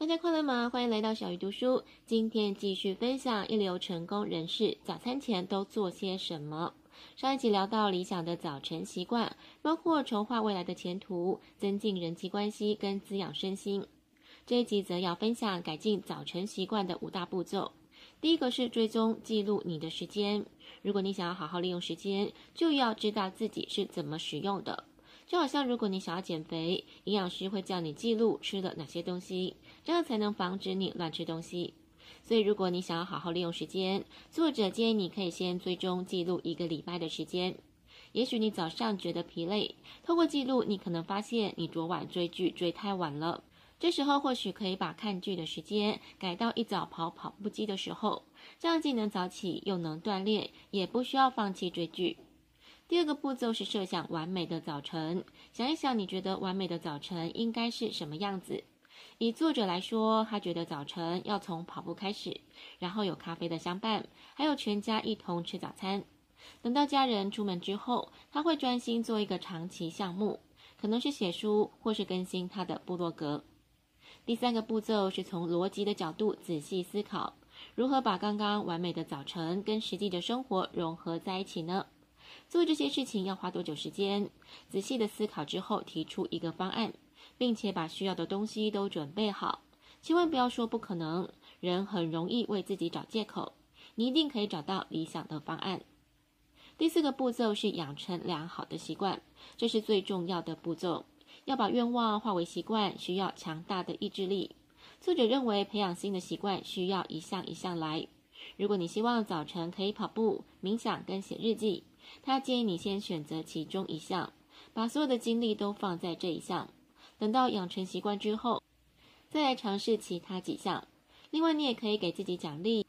大家快樂嗎？歡迎來到小魚讀書。今天繼續分享一流成功人士早餐前都做些什麼。上一集聊到理想的早晨習慣，包括籌劃未來的前途、增進人際關係跟滋養身心。這一集則要分享改進早晨習慣的五大步驟。第一個是追蹤記錄你的時間。如果你想要好好利用時間，就要知道自己是怎麼使用的。就好像如果你想要減肥，營養師會叫你記錄吃了哪些東西，這樣才能防止你亂吃東西。所以如果你想要好好利用時間，作者建議你可以先追蹤記錄一個禮拜的時間。也許你早上覺得疲累，透過記錄你可能發現你昨晚追劇追太晚了，這時候或許可以把看劇的時間改到一早跑跑步機的時候，這樣既能早起又能鍛鍊，也不需要放棄追劇。第二個步驟是設想完美的早晨，想一想，你覺得完美的早晨應該是什麼樣子？以作者來說，他覺得早晨要從跑步開始，然後有咖啡的相伴，還有全家一同吃早餐。等到家人出門之後，他會專心做一個長期項目，可能是寫書，或是更新他的部落格。第三個步驟是從邏輯的角度仔細思考，如何把剛剛完美的早晨跟實際的生活融合在一起呢？做這些事情要花多久時間？仔細地思考之後，提出一個方案，並且把需要的東西都準備好。千萬不要說不可能，人很容易為自己找借口。你一定可以找到理想的方案。第四個步驟是養成良好的習慣，這是最重要的步驟。要把願望化為習慣，需要強大的意志力。作者認為，培養新的習慣需要一項一項來。如果你希望早晨可以跑步、冥想跟寫日記，他建議你先選擇其中一項，把所有的精力都放在這一項，等到養成習慣之後，再來嘗試其他幾項。另外，你也可以給自己獎勵，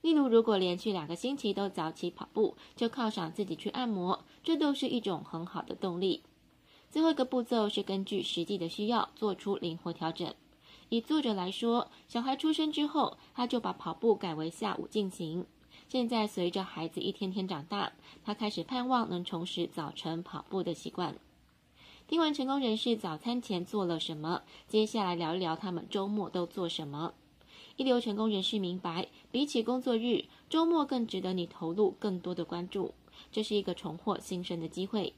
例如如果連續兩個星期都早起跑步，就犒賞自己去按摩，這都是一種很好的動力。最後一個步驟是根據實際的需要做出靈活調整。以作者來說，小孩出生之後，他就把跑步改為下午進行。現在隨着孩子一天天長大，他開始盼望能重拾早晨跑步的習慣。聽完成功人士早餐前做了什麼，接下來聊一聊他們周末都做什麼。一流成功人士明白，比起工作日，周末更值得你投入更多的關注，這是一個重獲新生的機會。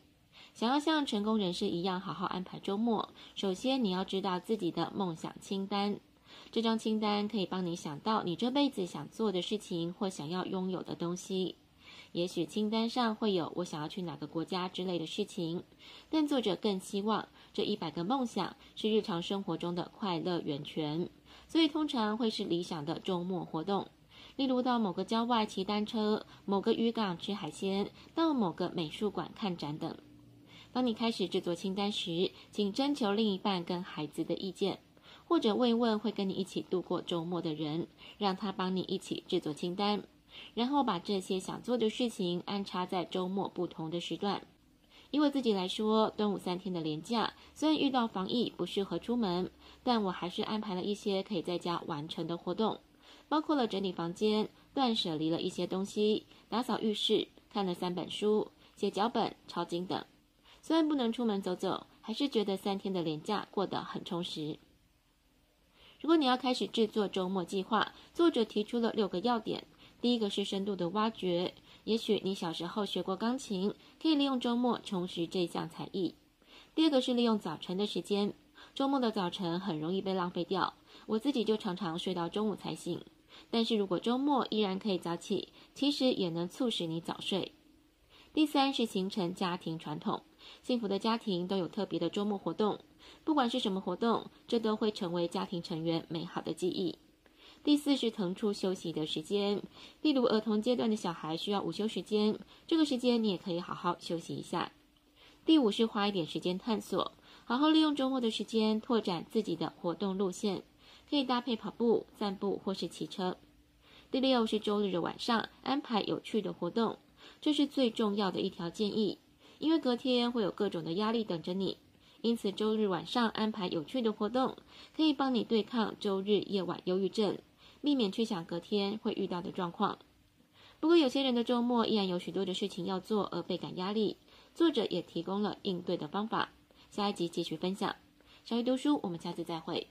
想要像成功人士一樣好好安排周末，首先你要知道自己的夢想清單。這張清單可以幫你想到你這輩子想做的事情或想要擁有的東西。也許清單上會有我想要去哪個國家之類的事情，但作者更希望這一百個夢想是日常生活中的快樂源泉，所以通常會是理想的周末活動，例如到某個郊外騎單車、某個漁港吃海鮮、到某個美術館看展等。當你開始制作清單時，請徵求另一半跟孩子的意見，或者慰問會跟你一起度過周末的人，讓他幫你一起制作清單，然後把這些想做的事情安插在周末不同的時段。以我自己來說，端午三天的連假，雖然遇到防疫不適合出門，但我還是安排了一些可以在家完成的活動，包括了整理房間、斷舍離了一些東西、打掃浴室、看了三本書、寫腳本、抄經等。雖然不能出門走走，還是覺得三天的連假過得很充實。如果你要開始制作周末計劃，作者提出了六個要點。第一個是深度的挖掘，也許你小時候學過鋼琴，可以利用周末充實這項才藝。第二個是利用早晨的時間，周末的早晨很容易被浪費掉，我自己就常常睡到中午才醒。但是如果周末依然可以早起，其實也能促使你早睡。第三是形成家庭傳統。幸福的家庭都有特別的週末活動，不管是什麼活動，這都會成為家庭成員美好的記憶。第四是騰出休息的時間，例如兒童階段的小孩需要午休時間，這個時間你也可以好好休息一下。第五是花一點時間探索，好好利用週末的時間拓展自己的活動路線，可以搭配跑步、散步或是騎車。第六是週日的晚上安排有趣的活動，這是最重要的一條建議，因為隔天會有各種的壓力等着你，因此周日晚上安排有趣的活動，可以幫你對抗周日夜晚憂鬱症，避免去想隔天會遇到的狀況。不過有些人的周末依然有許多的事情要做而倍感壓力，作者也提供了應對的方法。下一集繼續分享，小魚讀書，我們下次再會。